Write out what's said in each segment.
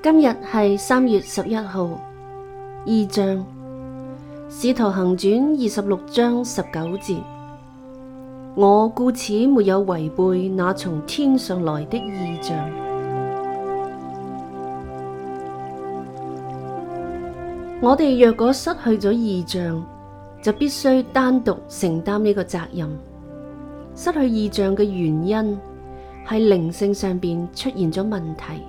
今日係三月十一號，異象《使徒行傳》二十六章十九節，我故此沒有違背那從天上來的異象。我哋若果失去咗異象，就必須單獨承擔呢個責任。失去異象嘅原因。喺靈性上邊出現咗問題，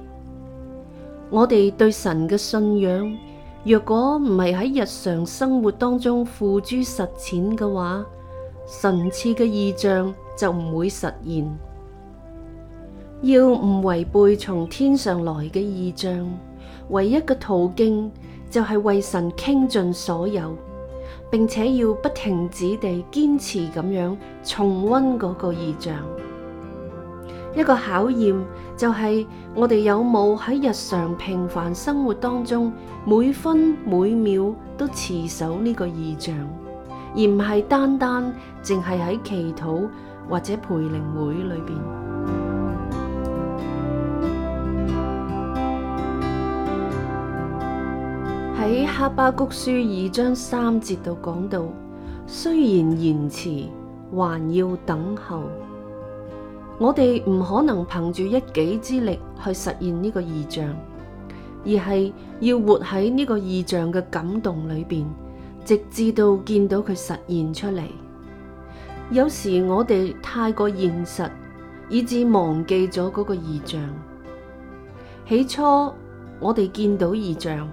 我哋對神嘅信仰，若果唔係喺日常生活當中付諸實踐嘅話，神賜嘅異象就唔會實現。要唔違背從天上來嘅異象，唯一嘅途徑就係為神傾盡所有，並且要不停止地堅持咁樣重溫嗰個異象。一個考驗就係我哋有冇喺日常平凡生活當中每分每秒都持守呢個異象，而唔係單單淨係喺祈禱或者培靈會裏邊。喺哈巴谷書二章三節度講到，雖然延遲，還要等候。我哋唔可能憑住一己之力去實現呢個異象，而係要活喺呢個異象嘅感動裏邊，直至到見到佢實現出嚟。有時我哋太過現實，以致忘記咗嗰個異象。起初我哋見到異象，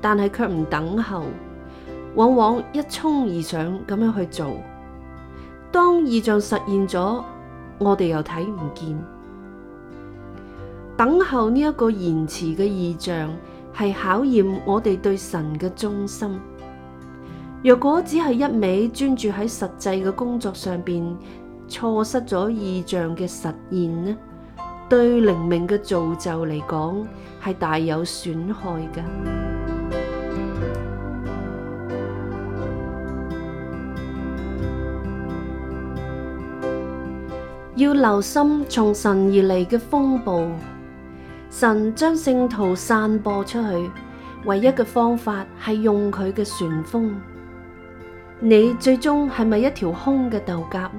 但係卻唔等候，往往一衝而上咁樣去做。當異象實現咗。我哋又睇唔見，等候呢一個延遲嘅異象，係考驗我哋對神嘅忠心。若果只係一味專注喺實際嘅工作上邊，錯失咗異象嘅實現呢，對靈命嘅造就嚟講係大有損害㗎。要留心從神而來嘅風暴，神將聖徒散播出去，唯一嘅方法係用佢嘅旋風。你最終係咪一條空嘅斗甲，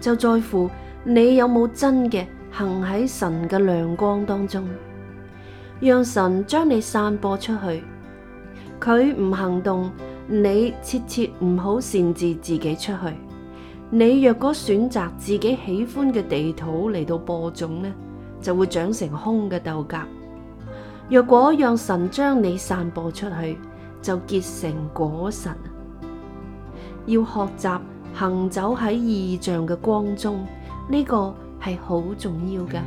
就在乎你有冇真嘅行喺神嘅亮光當中，讓神將你散播出去。佢唔行動，你切切唔好擅自自己出去。你若果選擇自己喜歡嘅地圖嚟到播種呢，就會長成空嘅豆莢；若果讓神將你散播出去，就結成果實。要學習行走喺異象嘅光中，呢、這個係好重要噶。